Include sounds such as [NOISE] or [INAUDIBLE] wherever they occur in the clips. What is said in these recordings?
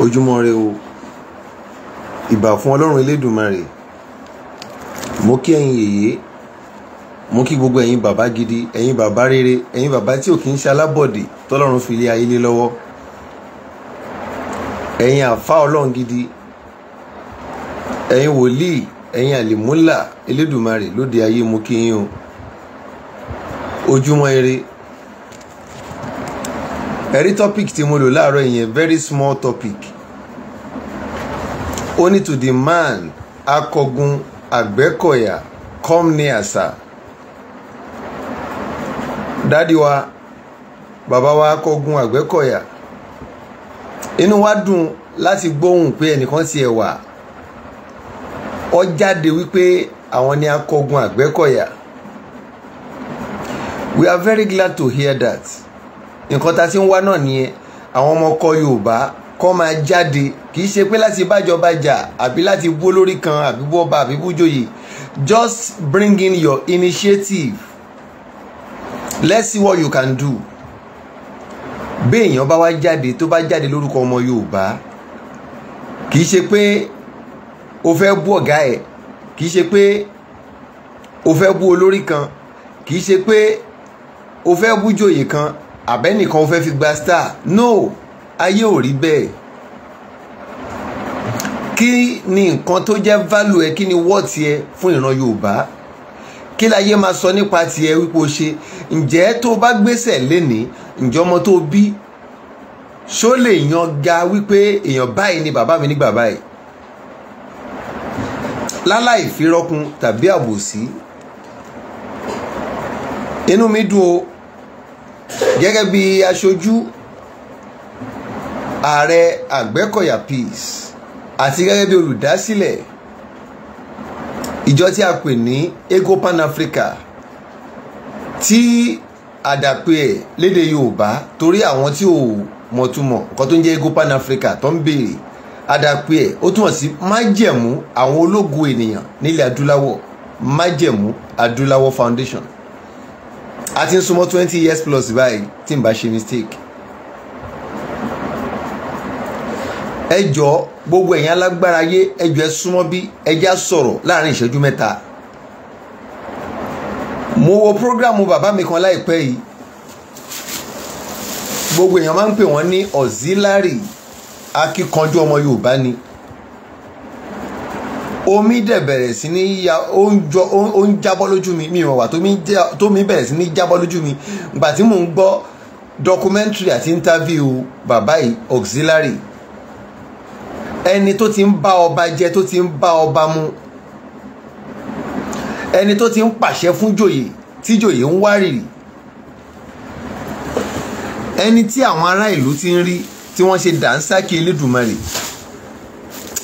ojúmọ́ rẹ o ìbà fún ọlọ́run elédùnmarè mo kí ẹ̀yin yèyé mo kí gbogbo ẹ̀yin bàbá gidi ẹ̀yin bàbá rere ẹ̀yin bàbá tí ò kì í ṣe alábọ̀dì tọ́lọ́run fi lé ayé lé lọ́wọ́ ẹ̀yin àfa ọlọ́run gidi ẹ̀yin wòlíì ẹ̀yin àlìmúlà elédùnmarè lóde ayé mo kí yín o ojúmọ́ ire ẹ̀rí topic tí mo lò láàárọ̀ yẹn very small topic only to the man akọgun Àgbẹ̀kọ̀yà come near sir. dádì wa bàbá wa akọgun Àgbẹ̀kọ̀yà inú wa dùn láti pe pé ẹnìkan tiẹ̀ wà ó jáde wípé àwọn ni akọgun Àgbẹ̀kọ̀yà we are very glad to hear that nǹkan tá a ti ń wá náà nìyẹn àwọn ọmọ ọkọ Yorùbá kọ́ máa jáde kì í ṣe pé láti bájọba jà àbí láti bú olórí kan àbí bú ọba àbí bújòyè just bring in your initiative let's see what you can do béèyàn bá wá jáde tó bá jáde lórúkọ ọmọ Yorùbá kì í ṣe pé o fẹ́ bú ọ̀gá ẹ̀ kì ṣe pé o fẹ́ bú olórí kan kì í ṣe pé o fẹ́ bú jòyè kan àbẹ́nìkan o fẹ́ fi gba star no ayé ò rí bẹ́ẹ̀ kí ni nǹkan tó jẹ́ value ẹ kí ni wọ́ọ̀tì ẹ fún ìran Yorùbá kí láyé máa sọ nípa tiẹ̀ wípé o ṣe ǹjẹ́ tó bá gbéṣẹ̀ lénìí ǹjẹ́ ọmọ tó bí ṣó lè yan ga wípé èèyàn báyìí ni bàbá mi nígbà báyìí láláì fírọ́kun tàbí àbòsí inú mi dùn o gẹ́gẹ́ bí aṣojú ààrẹ àgbẹ̀kọ̀yà peace àti gẹ́gẹ́ bí olùdásílẹ̀ ìjọ tí a pè ní ego pan africa tí àdàpè ẹ̀ léde yorùbá torí àwọn tí ò mọ̀túmọ̀ nǹkan tó ń jẹ́ ego pan africa tó ń béèrè àdàpè ẹ̀ ó túmọ̀ sí májẹ̀mú àwọn ológun ènìyàn nílẹ̀ adúláwọ̀ májẹ̀mú adúláwọ̀ foundation a ti ń súnmọ́ twenty years plus báyìí tí n bá ṣe mistake ẹ jọ gbogbo ẹ̀yin alágbára ayé ẹ jọ ẹ súnmọ́ bí ẹ já sọ̀rọ̀ láàrin ìṣẹ́jú mẹ́ta mo wo programu bàbá mi kan láìpẹ́ yìí gbogbo èèyàn máa ń pè wọ́n ní auxiliary akíkanjú ọmọ Yorùbá ni omi dẹ̀ bẹ̀rẹ̀ sí ní ya ó ń jábọ́ lójú mi mi ìwọ̀n wà tómi bẹ̀rẹ̀ sí ní jábọ́ lójú mi gbà tí mò ń gbọ́ documentary àti interview bàbá yìí auxiliary ẹni tó ti ń bá ọba jẹ tó ti ń bá ọba mu ẹni tó ti ń pàṣẹ fún jòyè tí jòyè ń wárìrì ẹni tí àwọn ará ìlú ti ń rí tí wọ́n ṣe dànsákì Elédùmarè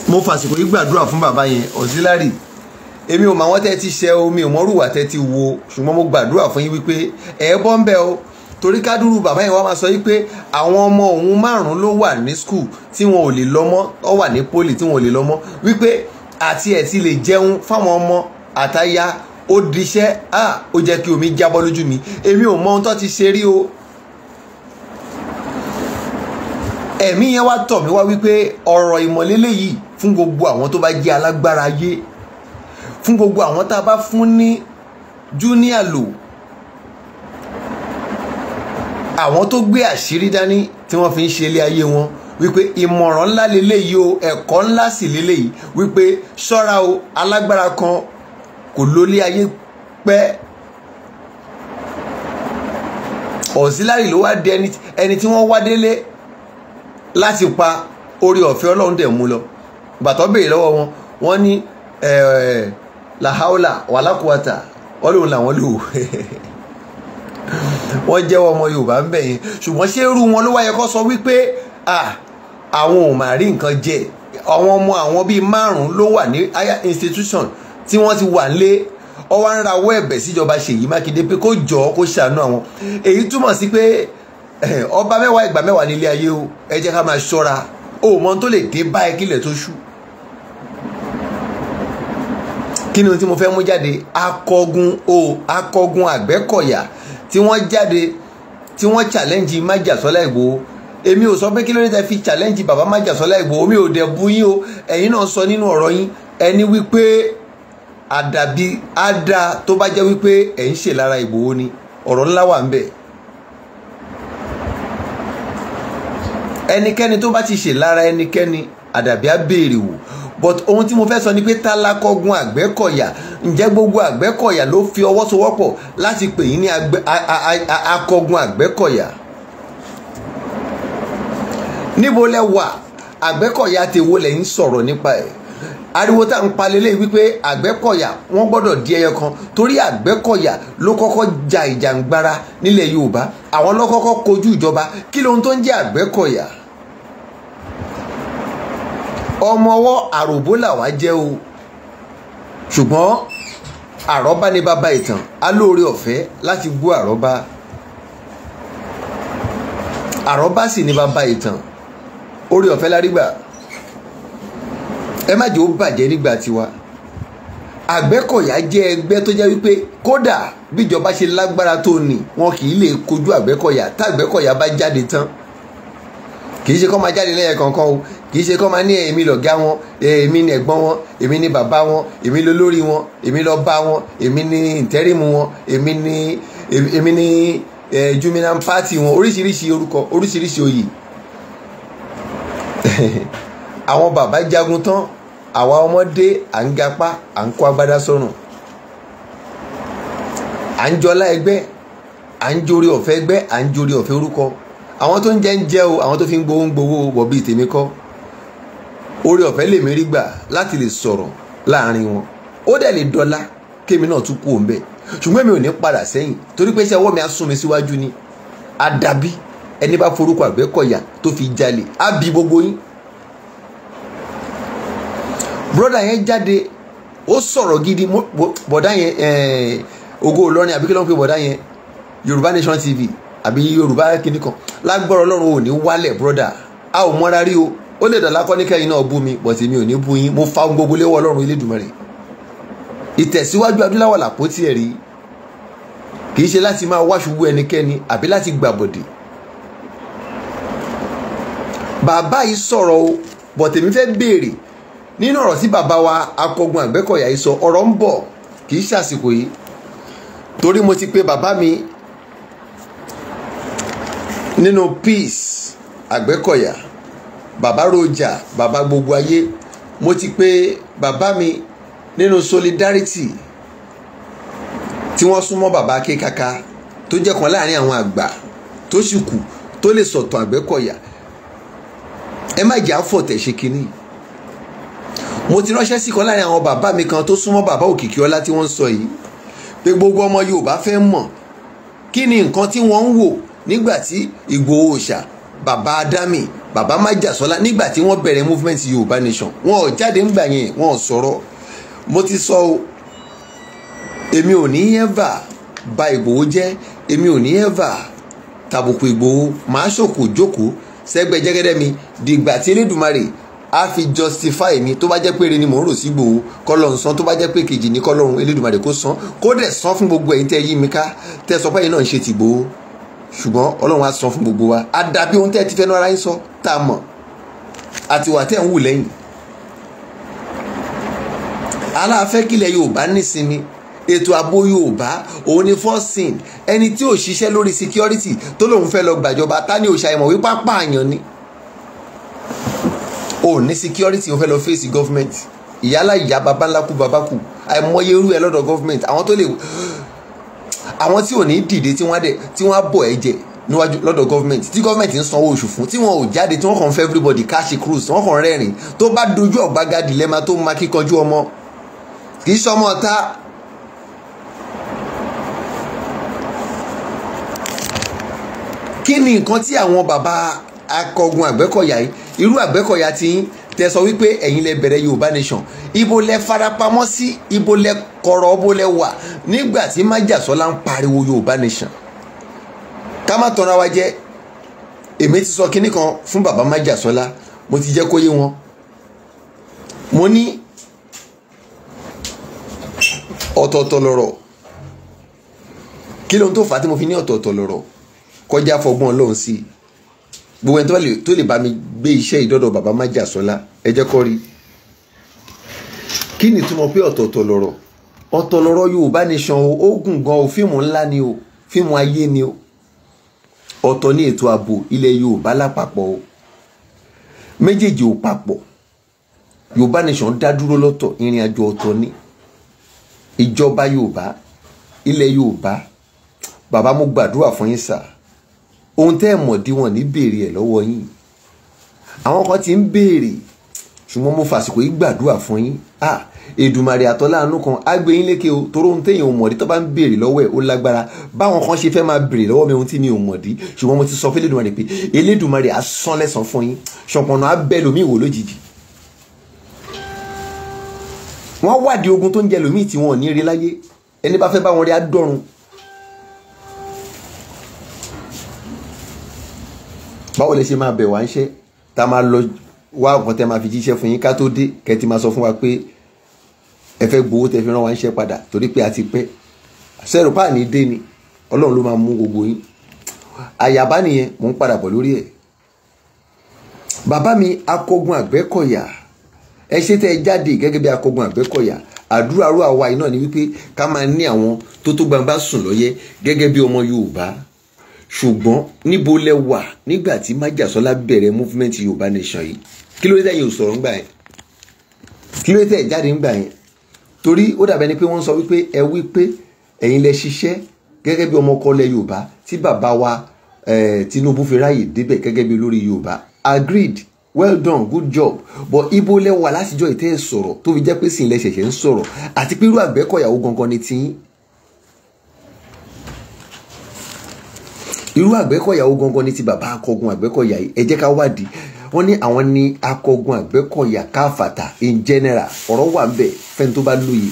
mo fàsìkò yìí gbàdúrà fún bàbá yẹn auxiliary èmi ò mọ àwọn tẹ́ ti ṣe omi ò mọ́rùwà tẹ́ ti wo ṣùgbọ́n mo gbàdúrà fún yín wípé ẹ̀ bọ́ ń bẹ́ o torí kádùrú bàbá yẹn wá máa sọ wípé àwọn ọmọ òun márùn-ún ló wà ní skul tí wọn ò lè lọ mọ́ ọ wà ní poli tí wọn ò lè lọ mọ́ wípé àti ẹ̀ ti lè jẹun fáwọn ọmọ àtaya ó diṣẹ́ ó jẹ́ kí omi jábọ́ lójú mi èmi ò mọ ohun tó ti ṣe rí o ẹ̀mí yẹn wá tọ̀ mí wá wípé ọ̀rọ̀ ìmọ̀lélẹ́ yìí fún gbogbo àwọn tó bá jẹ́ alágbára ayé fún gbogbo àwọn tá a bá fún ní júníà lò àwọn tó gbé àṣírí dání tí wọ́n fi ń ṣe ilé ayé wọn wípé ìmọ̀ràn ńlá leléyìí o ẹ̀kọ́ ńlá sì leléyìí wípé ṣọ́ra o alágbára kan kò lólé ayé pẹ́ ọ̀sílárì ló wá di ẹni tí wọ́n wá délé láti pa orí ọ̀fẹ́ ọlọ́run dẹ̀ mú lọ bàtọ́ béèrè lọ́wọ́ wọn wọ́n ní làhálà wàlákùwàtà ọlọ́run làwọn lò [LAUGHS] wọ́n jẹ́wọ́ ọmọ yorùbá ń bẹ̀ yẹn ṣùgbọ́n ṣé irú wọn ló wáyé kó sọ wípé àwọn ò mà rí nǹkan jẹ àwọn ọmọ àwọn bíi márùn ló wà ní higher institution tí wọ́n ti wà lé ọwọ́ ń rawọ́ ẹ̀bẹ̀ síjọba ṣèyí mákindé pé kó jọ kó ṣàánú àwọn èyí túmọ̀ sí pé ọba mẹ́wàá ìgbà mẹ́wàá nílé ayé o ẹ jẹ́ ká máa ṣọ́ra òun mọ́ tó lè dé bá ẹ kílẹ̀ tó ṣú kí ni tí mo fẹ́ mú jáde akọgun o akọgun àgbẹ̀kọ̀yà tí wọ́n jáde tí wọ́n challenge májàsọ́lá Ìgbòho èmi ò sọ pé kí ló dé tẹ fi challenge bàbá májàsọ́lá Ìgbòho mi ò dẹ̀ bú yín o ẹ̀yin náà sọ nínú ọ̀rọ̀ yín ẹni wípé àdàbí àdá tó bá jẹ́ wípé ẹ̀ ń ṣe lára wo. ni ọ̀rọ̀ ńlá wà ń bẹ̀. ẹnikẹ́ni tó bá ti ṣe lára ẹnikẹ́ni àdàbí á wò but ohun tí mo fẹ́ sọ ni pé ta la kọgun àgbẹ̀kọ̀yà ǹjẹ́ gbogbo àgbẹ̀kọ̀yà ló fi ọwọ́ sowọ́pọ̀ láti pè yín ní akọgun àgbẹ̀kọ̀yà níbo lẹ wà àgbẹ̀kọ̀yà ti wo lẹ̀ ń sọ̀rọ̀ nípa ẹ̀ ariwo tá n palẹ̀lẹ̀ wípé àgbẹ̀kọ̀yà wọ́n gbọ́dọ̀ di ẹyọ kan torí àgbẹ̀kọ̀yà ló kọ́kọ́ ja ìjàngbara nílẹ̀ yorùbá àwọn ló kojú ìjọba kí lohun tó ń jẹ́ àgbẹ̀kọ̀yà ọmọ ọwọ́ àròbó làwa jẹ́ o ṣùgbọ́n àròbá ni bàbá ìtàn alóore ọ̀fẹ́ láti gbọ́ àròbá àròbá sì ni bàbá ìtàn oore ọ̀fẹ́ lárígbà ẹ má jẹ́ ó bàjẹ́ nígbà tiwa àgbẹ́kọ̀yà jẹ́ ẹgbẹ́ tó jẹ́ wípé kódà bíjọba ṣe lágbára tó ní wọn kì í lè kojú àgbẹ́kọ̀yà tá àgbẹ́kọ̀yà bá jáde tán kì í ṣe kó máa jáde lẹ́yẹ kankan o kì í ṣe kọ́ máa ní èmi lọ̀gá wọn èmi ni ẹ̀gbọ́n wọn èmi ni bàbá wọn èmi ló lórí wọn èmi ló bá wọn èmi ni ìtẹ́rìmù wọn èmi ni èmi ni juminan party wọn oríṣiríṣi orúkọ oríṣiríṣi oyè [LAUGHS] àwọn bàbá jagun tán àwa ọmọdé à ń gapá à ń kó agbádá sọ́rùn à ń jọlá ẹgbẹ́ à ń jórí ọ̀fẹ́ ẹgbẹ́ à ń jórí ọ̀fẹ́ orúkọ àwọn tó ń jẹ ń jẹ o àwọn tó fi ń gbowó ń gbowó wọ̀ bíi tèmi kọ́ orí ọ̀fẹ́ lèmi rí gbà láti lè sọ̀rọ̀ láàrin wọn ó dẹ̀ lè dọ́lá kémi náà tún kú òun bẹ́ẹ̀ ṣùgbọ́n mi ò ní padà sẹ́yìn torí pé iṣẹ́ ọwọ́ mi á sún mi síwájú ni àdàbí ẹni bá forúkọ àgbẹ̀kọ̀yà tó fi jalè á bi gbogbo yín. bọ́dà yẹn jáde ó sọ̀rọ̀ gidi bọ́dà yẹn Ògo Ìlọrin àbí ló ń pè bọ́dà yẹn Yorùbá Nation TV àbí Yorùbá kìnìkan lágbọ́rọ̀ Ọlọ́run ò ní wálẹ̀ bọ́dà a ò mọ́ra rí o ó lè dọ̀lá kọ́níkẹ́yìn náà bú mi bọ̀tì mi ò ní bú yín mo fa ohun gbogbo léwọ́ ọlọ́run Elédùmarè ìtẹ̀síwájú adúláwọ̀ làpótí ẹ̀rí kì í ṣe láti máa wáṣubú ẹnikẹ́ni àbí láti gbàbọ̀dè bàbá yìí sọ̀rọ̀ o bọ̀tì mi fẹ́ béèrè nínú ọ̀rọ̀ tí bàbá wa akọgun àgbẹ̀kọ̀yà yìí sọ ọ̀rọ̀ ń bọ̀ kì í ṣàsìkò yìí torí mo ti pe bàbá mi nínú peace àgbẹ̀kọ̀yà Baba rojà baba gbogbo ayé mo ti pè bàbá mi nínú solidarity tí wọ́n baba bàbá akékaka tó jẹ́ kan láàrin àwọn àgbà tó sì kù tó lè sọ̀tàn àgbẹ̀kọ̀yà ẹ má jà fọ̀tẹ̀ ṣe kínní mo ti ránṣẹ́ sí kan láàrin àwọn bàbá mi kan tó súnmọ́ bàbá Òkìkíọlá tí wọ́n sọ yìí pé gbogbo ọmọ Yorùbá fẹ́ mọ̀ kí ni nǹkan tí wọ́n ń wò nígbà tí Ìgbòho Òòṣà bàbá Adámì bàbá májàsọ́lá nígbà tí wọ́n bẹ̀rẹ̀ movement yorùbá nation wọn ò jáde ńgbà yẹn wọn ò sọ̀rọ̀ mo ti sọ o èmi ò ní ever ba ìgbòho jẹ́ èmi ò ní ever tàbùkù ìgbòho màá ṣòkò jókòó sẹ́gbẹ́ jẹ́gẹ́dẹ́ mi dìgbà tí elédùnmarè á fi justify mi tó bá jẹ́ pé ni mò ń rò sí gbòho kọ́lọ́run san tó bá jẹ́ pé kejì ní kọ́lọ́run elédùnmarè kó san kó dẹ̀ san fún gbogbo ẹ̀yin tẹ́ yí mi ká tẹ́ sọ ṣùgbọ́n ọlọ́run á sọ fún gbogbo wa á dàbí ohun tẹ́ ẹ ti fẹ́ nu ara yín sọ tá a mọ̀ àti wà tẹ́ ẹ̀ ń wù lẹ́yìn aláàfẹ́ kílẹ̀ yorùbá nísinmi ètò ààbò yorùbá òun ni fọ́sìn ẹni tí ò ṣiṣẹ́ lórí security tó lòun fẹ́ lọ gbàjọba ta ni òṣà ìmọ̀ wípé apá àyàn ni ò ní security òun fẹ́ lọ fèsì government ìyálà ìyá babaláku babaku àìmọye irú ẹ lọ́dọ̀ government àwọn tó lè àwọn tí ò ní dìde tí wọ́n dẹ̀ tí wọ́n á bọ̀ ẹ jẹ níwájú lọ́dọ̀ gọ́ọ̀mẹ̀ntì tí gọ́ọ̀mẹ̀ntì ń sanwó oṣù fún tí wọn ò jáde tí wọ́n kàn fẹ́ everybody cash cruise wọ́n kàn rẹ́rìn tó bá dojú ọ̀gbága dilemma tó máa kíkanjú ọmọ kì í sọmọ ta kí ni nǹkan tí àwọn bàbá akọgun àgbẹ̀kọ̀yà yìí irú àgbẹ̀kọ̀yà ti ń tẹ sọ wípé ẹ̀yin lẹ bẹ̀rẹ̀ yorùbá nation ibo lẹ farapamọ́ sí ibo lẹ kọ̀rọ̀ ibo lẹ wà nígbà tí májàsọ́lá ń pariwo yorùbá nation ká má tọ́ra wa jẹ́ èmi ti sọ kinní kan fún bàbá májàsọ́lá mo ti jẹ́ kó yé wọn mo ní ọ̀tọ̀ọ̀tọ̀ lọ̀rọ̀ kí ló ń tó fà á tí mo fi ní ọ̀tọ̀ọ̀tọ̀ lọ̀rọ̀ kọjá fọgbọ́n ọlọ́run sí i gbogbo ẹni tó lè bá mi gbé iṣẹ́ ìdọ́dọ̀ bàbá májàsọ́lá ẹ jẹ́ kọ́ rí kí ni túmọ̀ pé ọ̀tọ̀ọ̀tọ̀ lọ̀rọ̀ ọ̀tọ̀ lọ̀rọ̀ yorùbá nation o ó gùn gan o fíìmù ńlá ni o fíìmù ayé ni o ọ̀tọ̀ ní ètò ààbò ilẹ̀ yorùbá lápapọ̀ o méjèèjì ò papọ̀ yorùbá nation dá dúró lọ́tọ̀ ìrìn àjò ọ̀tọ̀ ni ìjọba yorùbá ilẹ̀ yorùbá bàbá mo gbàdúrà fún yín sáà ohun tẹ́ ẹ̀ mọ̀ dí wọn ní béèrè ẹ̀ lọ́wọ́ yín àwọn kan ti ń béèrè ṣùgbọ́n mo fàsìkò yìí gbàdúrà fún yín ah Èdùmàrè àtọ́láàánú kan á gbé yín lékè o torí ohun téèyàn ò mọ̀ dí tó bá ń béèrè lọ́wọ́ ẹ̀ ó lágbára báwọn kan ṣe fẹ́ máa béèrè lọ́wọ́ mi ohun tí mi ò mọ̀ dí ṣùgbọ́n mo ti sọ fún Elédùmarè pé Elédùmarè á sán fún yín ṣọ̀pọ̀nà á bẹ́ lómi lójijì wọ́n wádìí ogun tó ń jẹ lómi tí wọn ò ní rí láyé ẹni bá fẹ́ bá wọn rí á báwo lè ṣe máa bẹ̀ wá ń ṣe tá a máa lọ wá nǹkan tẹ́ máa fi jíṣẹ́ fún yín ká tó dé kẹ́ ti máa sọ fún wa pé ẹ fẹ́ gbowó tẹ́ fi rán wa ń ṣe padà torí pé a ti pẹ́ sẹ́rù páà ní dé ni ọlọ́run ló máa mú gbogbo yín àyàbá nìyẹn mò ń padà bọ̀ lórí ẹ̀ bàbá mi akọgun àgbẹ̀kọ̀yà ẹ ṣe tẹ́ ẹ jáde gẹ́gẹ́ bí akọgun àgbẹ̀kọ̀yà àdúrà rú àwa yìí náà ni wípé ká máa ní àwọn tó tó gbangba sùn lọ́yẹ gẹ́gẹ́ bí ọmọ Yorùbá ṣùgbọ́n níbo lẹ wà nígbà tí májàsọ́lá bẹ̀rẹ̀ movement yorùbá nation yìí kí ló dé tẹ̀yìn òsọ̀rọ̀ ńgbà yẹn kí ló dé tẹ̀ jáde ńgbà yẹn torí ó dàbẹ̀ ni pé wọ́n sọ wípé ẹ wí pé ẹ̀yin lẹ ṣiṣẹ́ gẹ́gẹ́ bí ọmọ ọkọ lẹ yorùbá tí bàbá wa Tinubu fi ráàyè débẹ̀ gẹ́gẹ́ bí olórí yorùbá agreed well done good job but ibo lẹ wà látijọ́ ìtẹ́ sọ̀rọ̀ tó fi jẹ́ pé sìn lẹ ṣẹ̀ṣẹ̀ ń sọ̀rọ̀ àti pé irú àgbẹ̀kọ̀yàwó gangan ni tiyín irú àgbẹ̀kọ̀yà ó gangan ní ti bàbá akọgun àgbẹ̀kọ̀yà yìí ẹ jẹ́ ká wádìí wọ́n ní àwọn ní akọgun àgbẹ̀kọ̀yà káfàtà in general ọ̀rọ̀ wà ń bẹ̀ fẹ́ni tó bá lóye.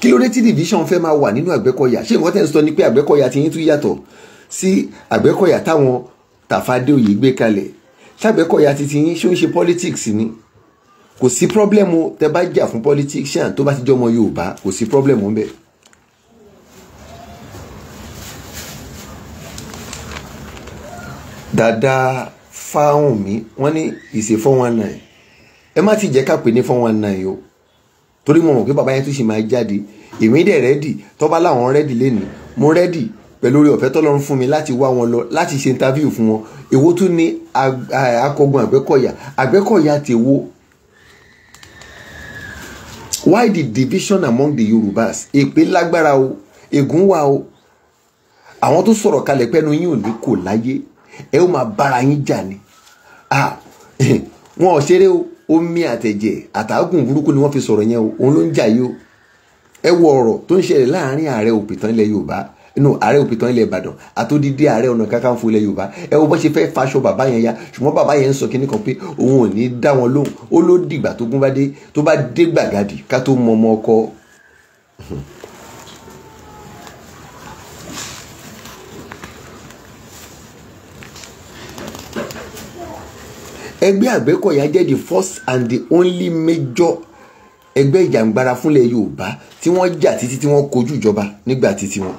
kí ló dé tí division fẹ́ máa wà nínú àgbẹ̀kọ̀yà ṣé nǹkan tẹ̀ ń sọ ni pé àgbẹ̀kọ̀yà ti yín tún yàtọ̀ sí àgbẹ̀kọ̀yà táwọn Tàfádéoyè gbé kalẹ̀ ṣàgbẹ̀kọ̀yà ti ti yín ṣó ń ṣe politics ni kò sí pọ́blẹ́mù tẹ bá jà fún politician tó bá ti jọmọ Yorùbá kò sí pọ́blẹ́mù ńbẹ. dada fáwọn mi wọ́n ní ìṣe four one nine ẹ má ti jẹ́ ká pè ní four one nine o torí mo mọ̀ pé bàbá yẹn tún ṣì máa jáde èmi dẹ̀ rẹ́dì tọ́ba làwọn rẹ́dì lẹ́nu mo rẹ́dì pẹ̀lú orí ọ̀fẹ́ tọ́lọ́run fún mi láti wá wọn lọ láti ṣe interview fún wọn èwo tún ní akọgun àgbẹ̀kọ̀yà àgbẹ̀kọ̀yà tèwo why the division among the yorubas èpè lágbára o ègún wà o àwọn tó sọ̀rọ̀ kalẹ̀ pẹ́nu yín ò ní kò láyé ẹ ó máa bára yín jà ni [LAUGHS] wọn ò ṣeré o omi àtẹ̀jẹ̀ àtàgùn burúkú ni wọ́n fi sọ̀rọ̀ yẹn o òun ló ń jà yìí o ẹ wo ọ̀rọ̀ tó ń ṣẹlẹ̀ láàrin ààrẹ òpìtàn ilẹ̀ yorùbá inú ààrẹ òpìtàn ilẹ̀ ìbàdàn àtòdìdí ààrẹ ọ̀nà kakanfò ilẹ̀ yorùbá ẹ wo bó ṣe fẹ́ faṣọ bàbá yẹn ya ṣùgbọ́n bàbá yẹn ń sọ kínní kan pé òun ò ní dá wọn lóhùn ó ló dìgbà tó gún bá dé tó bá dé gbàgàdì ká tó mọ ọmọ ọkọ. ẹgbẹ́ àgbẹ̀kọ̀yà jẹ́ the first and the only major ẹgbẹ́ ìjàngbara fúnlẹ̀ yorùbá tí wọ́n jà títí tí wọ́n kojú ìjọba nígbà títí wọn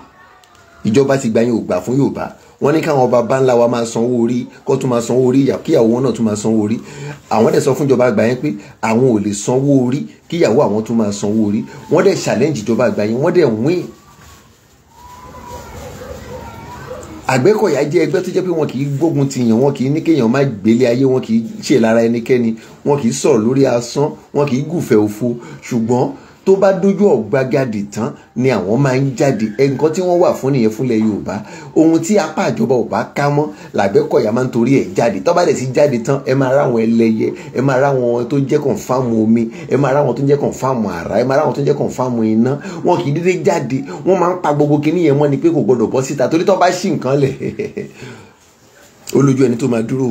ìjọba ti gba yín ò gbà fún Yorùbá wọ́n ní káwọn bàbá ńlá wa máa sanwó orí kó tún máa sanwó orí kíyàwó wọn náà tún máa sanwó orí àwọn dẹ̀ sọ fún ìjọba àgbà yẹn pé àwọn ò lè sanwó orí kíyàwó àwọn tún máa sanwó orí wọ́n dẹ̀ challenge ìjọba àgbà yẹn wọ́n dẹ̀ win. Àgbẹ̀kọ̀yà jẹ́ ẹgbẹ́ tó jẹ́ pé wọn kì í gbógun ti yàn wọn kì í ní kéèyàn má gbélé ayé wọn kì í ṣe lára ẹnikẹ́ni wọn kì í sọ̀rọ̀ lórí asán wọn kì í gùfẹ̀ òfo ṣùgbọ́n tó bá dójú ọ̀gbagadì tán ni àwọn máa ń jáde nǹkan tí wọ́n wà fún nìyẹn fúnlẹ̀ yorùbá ohun tí apá ìjọba ò bá ká mọ́ làbẹ́kọ̀yà máa ń torí ẹ̀ jáde tó bá dẹ̀ sí jáde tán ẹ máa ráwọn ẹlẹ́yẹ ẹ máa ráwọn tó jẹ́ kọ̀ǹfàmù omi ẹ máa ráwọn tó jẹ́ kọ̀ǹfàmù àrá ẹ máa ráwọn tó jẹ́ kọ̀ǹfàmù iná wọn kì í dédé jáde wọ́n máa ń pa gbogbo kinní yẹn mọ́ ni pé kò gbọdọ̀ bọ́ síta torí tó bá ṣì nǹkan lẹ̀ [LAUGHS] ó ẹni tó máa dúró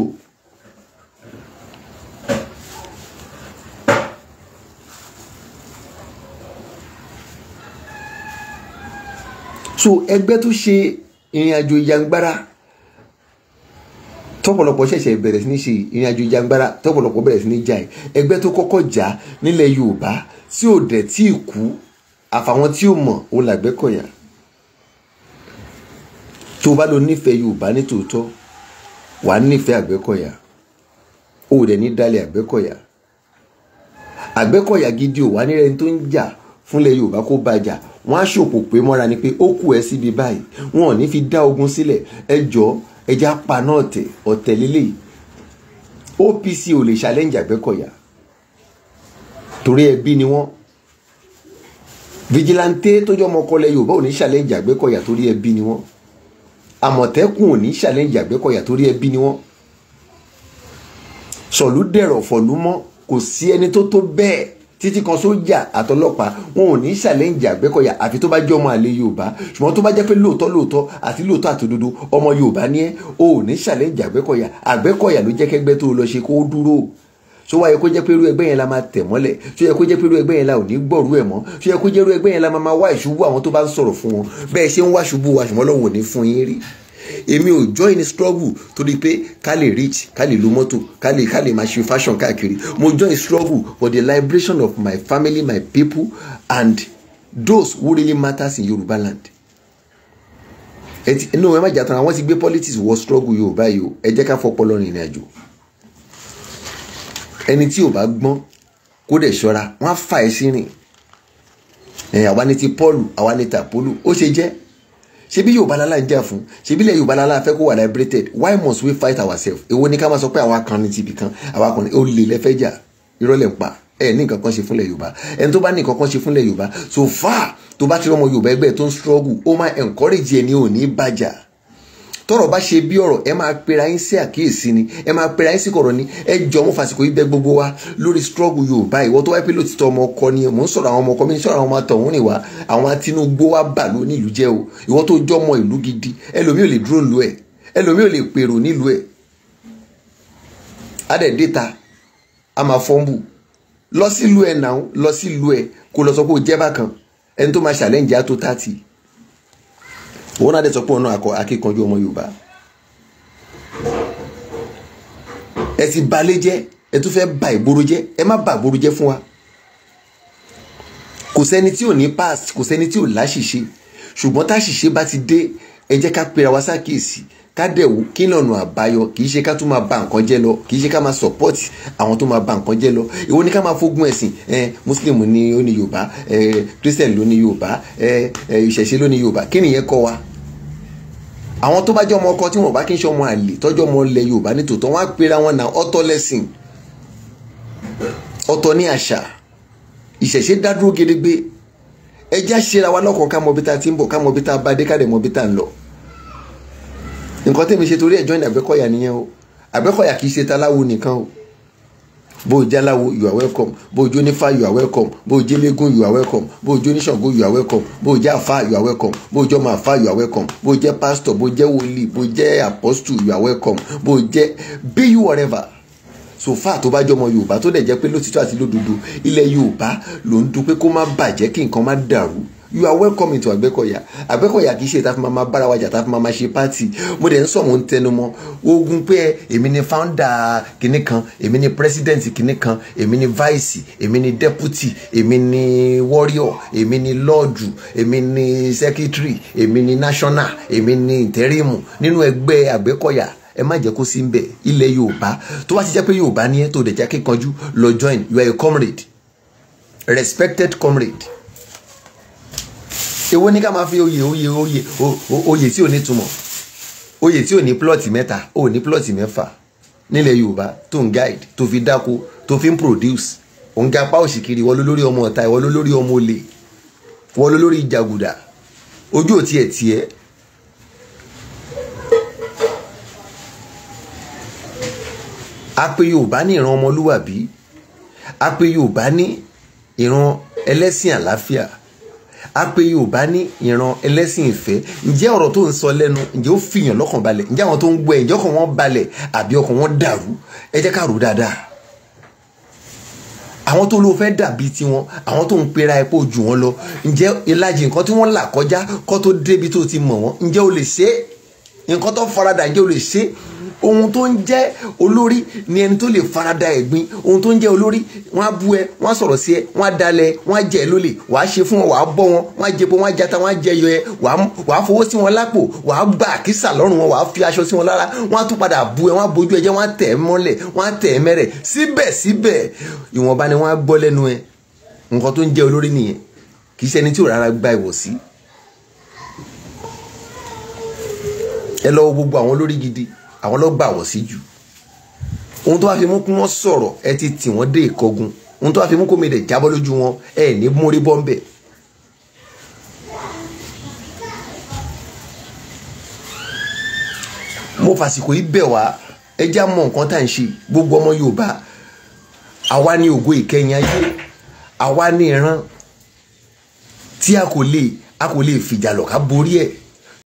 so ẹgbẹ́ tó ṣe ìrìn àjò ìjàngbara tọ́pọ̀lọpọ̀ ṣẹ̀ṣẹ̀ bẹ̀rẹ̀ sí ní ṣe ìrìn àjò ìjàngbara tọ́pọ̀lọpọ̀ bẹ̀rẹ̀ sí ní jà ẹ ẹgbẹ́ tó kọ́kọ́ jà nílẹ̀ Yorùbá tí ò dẹ̀ tí ì kú àfàwọn tí ò mọ̀ òun l'Àgbẹ̀kọ̀yà tó o bá lọ nífẹ̀ẹ́ Yorùbá ní tòótọ́ wàá nífẹ̀ẹ́ Àgbẹ̀kọ̀yà o ò dẹ̀ ní dalẹ̀ Àgbẹ̀kọ̀yà Àgbẹ̀kọ̀yà gidi ò wá nílẹ̀ tó ń jà fúnlẹ̀ Yorùbá kó bàjà wọ́n á ṣòpò pé mọ́ra ni pé ó kù ẹ́ síbi báyìí wọn ò ní fi dá ogun sílẹ̀ ẹ jọ ẹja paná ọ̀tẹ̀ ọ̀tẹ̀ lílé OPC ò lè challenge Àgbẹ̀kọ̀yà torí ẹbí ni wọ́n vigilante tó jọ ọmọkọlẹ Yorùbá ò ní challenge Àgbẹ̀kọ̀yà torí ẹbí ni wọ́n Àmọ̀tẹ́kùn ò ní challenge Àgbẹ̀kọ̀yà torí ẹbí ni wọ́n sọ̀lú dẹ̀rọ̀ fọ̀lú mọ́ kò sí ẹni tó tó bẹ́ẹ̀ títí kan sójà àtọlọ́pàá wọn ò ní ṣàlẹ́ǹjì àgbẹ́kọ̀yà àfi tó bá jẹ́ ọmọ àlè yorùbá ṣùgbọ́n tó bá jẹ́ pé lóòótọ́ lóòótọ́ àti lóòótọ́ àtòdodo ọmọ yorùbá ni ẹ́ o ò ní ṣàlẹ́ǹjì àgbẹ́kọ̀yà àgbẹ́kọ̀yà ló jẹ́ kẹ́gbẹ́ tó lọ ṣe kó dúró ṣó wáyé kó jẹ́ pé irú ẹgbẹ́ yẹn la máa tẹ̀ mọ́lẹ̀ ṣó yẹ kó jẹ́ pé irú ẹgbẹ́ yẹn la ò ní gbọ́rú ẹ̀ mọ́ ṣó yẹ kó jẹ́ irú ẹgbẹ́ yẹn la máa wá ìṣubú àwọn tó bá ń sọ̀rọ̀ fún wọn bẹ́ẹ̀ ṣe ń wá ṣubú wa ṣùgbọ́n lọ́wọ́ ò ní fún yín rí èmi ò join struggle torí pé ká lè reach ká lè lo mọ́tò ká lè ká lè máa ṣe fashion káàkiri mo join struggle for the liberation of my family my people and those who really matters in Yoruba land inú ẹ má jà tán àwọn ti gbé politics wọ struggle Yorùbá yìí o ẹ jẹ́ ká fọpọlọ rìnrìn àjò ẹni tí ò bá gbọ́n kó dẹ̀ ṣọ́ra wọ́n á fà ẹ́ sí rìn àwa ní ti Paul àwa ní ti ó ṣe jẹ́ ṣebí yorùbá lálá ń jà fún ṣebí ilẹ̀ yorùbá lálá fẹ́ kó wà liberated why must we fight ourselves èwo ni ká máa sọ pé àwa kan ní tibì kan àwa kan ní ó lè lẹ́fẹ́ jà ìrọ̀lẹ́ ń pa ẹ ní nǹkan kan ṣe fúnlẹ̀ yorùbá ẹni tó bá ní nǹkan kan ṣe fúnlẹ̀ yorùbá so far tó bá ti rọmọ yorùbá ẹgbẹ́ tó ń struggle ó máa encourage ẹni ò ní bàjá tọ́rọ̀ bá ṣe bí ọ̀rọ̀ ẹ máa pera yín sí àkíyèsí ni ẹ máa pera yín sí kọ̀rọ̀ ni ẹ jọ mo fàsìkò yìí bẹ̀ gbogbo wa lórí struggle yorùbá ìwọ tó wáyé pé lòtítọ́ ọmọ ọkọ ni mò ń sọ̀rọ̀ àwọn ọmọ ọkọ mi ń sọ̀rọ̀ àwọn ọmọ àtọ̀hún ni wá àwọn atinúgbó wa bà ló ní ìlú jẹ́ o ìwọ tó jọ ọmọ ìlú gidi ẹlòmíì ò lè dúró lu ẹ ẹlòmíì ò lè pèrò nílùú ẹ adẹ̀ déta a máa fọ́nbù lọ sílùú ẹ náà lọ sílùú ẹ kó lọ sọ pé o jẹ́ bákan ẹni tó máa ṣàlẹ́ǹjì á tó 30 òun náà dé sọ pé òun náà akọ akíkanjú ọmọ Yorùbá ẹ ti balẹ̀ jẹ́ ẹ tún fẹ́ ba ìgboro jẹ́ ẹ má ba ìgboro jẹ́ fún wa kò sẹ́ni tí ò ní pass kò sẹ́ni tí ò láṣìṣe ṣùgbọ́n táṣìṣe bá ti dé ẹ jẹ́ ká pera wa sákèsì kádẹ̀wò kí lọ́nà àbáyọ kì í ṣe ká tún máa ba nǹkan jẹ́ lọ kì ṣe ká máa support àwọn tó máa ba nǹkan jẹ́ lọ ìwọ ni ká máa fogun ẹ̀sìn ẹ muslim ni ó ní yorùbá ẹ christian ló ní yorùbá ẹ ẹ ìṣẹ̀ṣe ló ní yorùbá kí nìyẹn kọ́ wa àwọn tó bá jẹ́ ọmọ ọkọ tí wọn bá kí n ṣe ọmọ àlè tọ́jú ọmọ ilẹ̀ yorùbá ní tòótọ́ wọn á pera wọn náà ọ̀tọ̀ lẹ́sìn ọ̀tọ̀ ní àṣà ìṣẹ̀ṣe dádúró gedegbe ẹjẹ́ àṣẹ ra wa lọ́kọ̀ọ́ ká mọ bí ta ti ń bọ̀ ká mọ bí ta bá dé ká dẹ̀ mọ bí ta ń lọ nǹkan tẹ́mi ṣe torí ẹ̀ join Àgbẹ̀kọ̀yà nìyẹn o Àgbẹ̀kọ̀yà kì í ṣe taláwo nìkan o bó o you are welcome bó o you are welcome bó o you are welcome bó o you are welcome bó o you are welcome bó o you are welcome bó o jẹ́ pastor bó o wòlíì bó o you are welcome bó o be you whatever so far tó bá jọmọ yorùbá tó dẹ̀ jẹ́ pé lótìtọ́ àti lódodo ilẹ̀ yorùbá ló ń dún pé kó má bàjẹ́ kí nǹkan má dàrú you are welcome into Àgbẹ̀kọ̀yà Àgbẹ̀kọ̀yà kì í ṣe ìta fún ma bára wájà ta fún ma ṣe pátì mo dẹ̀ ń sọ̀ mo ń tẹnu ogun pé èmi ni founder kìnní kan èmi ni president kìnní kan èmi ni vice èmi ni deputy èmi ni warrior èmi ni lọ́ọ̀dù èmi ni secretary èmi ni national èmi ni interim nínú ẹgbẹ́ Àgbẹ̀kọ̀yà ẹ má jẹ́ kó sí ń bẹ̀ ilẹ̀ Yorùbá tó bá ti jẹ́ pé Yorùbá ni ẹ tó dẹ̀ jẹ́ kíkanjú lọ join you are a comrade respected comrade èwo ní ká máa fi oyè oyè oyè oyè tí ò ní túmọ̀ oyè tí ò ní plọ́ọ̀tì mẹ́ta ò ní plọ́ọ̀tì mẹ́fà nílẹ̀ yorùbá tó ń guide tó fi dáko tó fi ń produce òun ga apá òṣìkiri wọ́n ló lórí ọmọ ọ̀tá ìwọ́n ló lórí ọmọ olè wọ́n ló lórí jàgùdà ojú ò tiẹ̀ tiẹ̀ a pè yorùbá ní ìran ọmọlúwàbí a pè yorùbá ní ìran ẹlẹ́sìn àlàáfíà a pe yorùbá ní ìran ẹlẹ́sìn ìfẹ́ ǹjẹ́ ọ̀rọ̀ tó ń sọ lẹ́nu ǹjẹ́ ó fìyàn lọ́kàn balẹ̀ ǹjẹ́ àwọn tó ń gbọ́ ẹ̀ ǹjẹ́ ọkàn wọn balẹ̀ àbí ọkàn wọn dàrú ẹ jẹ́ ká rò dáadáa àwọn tó ló fẹ́ dàbí tiwọn àwọn tó ń pera epo jù wọn lọ ǹjẹ́ ìlàjì nǹkan tí wọ́n là kọjá kó tó débi tó ti mọ̀ wọ́n ǹjẹ́ o lè ṣe nǹkan tó faradà ǹjẹ́ o lè ṣe ohun tó ń jẹ́ olórí ni ẹni tó lè farada ẹ̀gbin ohun tó ń jẹ́ olórí wọ́n á bú ẹ wọ́n á sọ̀rọ̀ sí ẹ wọ́n á dalẹ̀ wọ́n á jẹ ẹ lólè wọ́n á ṣe fún wọn wọ́n á bọ́ wọn wọ́n á jẹbọ wọ́n á jata wọ́n á jẹyọ ẹ wọ́n á fowó sí wọn lápò wọ́n á gba àkísà lọ́rùn wọn wọ́n á fi aṣọ sí wọn lára wọ́n á tún padà bú ẹ wọ́n á bojú ẹ wọ́n á tẹ̀ mọ́lẹ̀ wọ́n á tẹ̀ ẹ́ mẹ́rẹ̀ síbẹ̀síbẹ̀ ìwọ̀nba ni wọ́n á gbọ́ lẹ́nu ẹ nǹkan tó ń jẹ́ olórí nìyẹn kì í ṣe ẹni tí ò rárá gba ìwọ̀sí ẹ lọ wo gbogbo àwọn olórí gidi àwọn ló gbà wọ́n sí jù ohun tó bá fi mú kí wọ́n sọ̀rọ̀ ẹ ti tì wọ́n dé ìkọgun ohun tó bá fi mú kó mi dẹ̀ jábọ́ lójú wọn ẹ ní múrí bọ́ńbẹ́. mo fàsìkò yìí bẹ̀ wá ẹ já mọ nǹkan tá à ń ṣe gbogbo ọmọ Yorùbá àwa ní ògo ìkẹyìn ayé àwa ní ìran tí a kò lè a kò lè fìjà lọ ká borí ẹ̀. E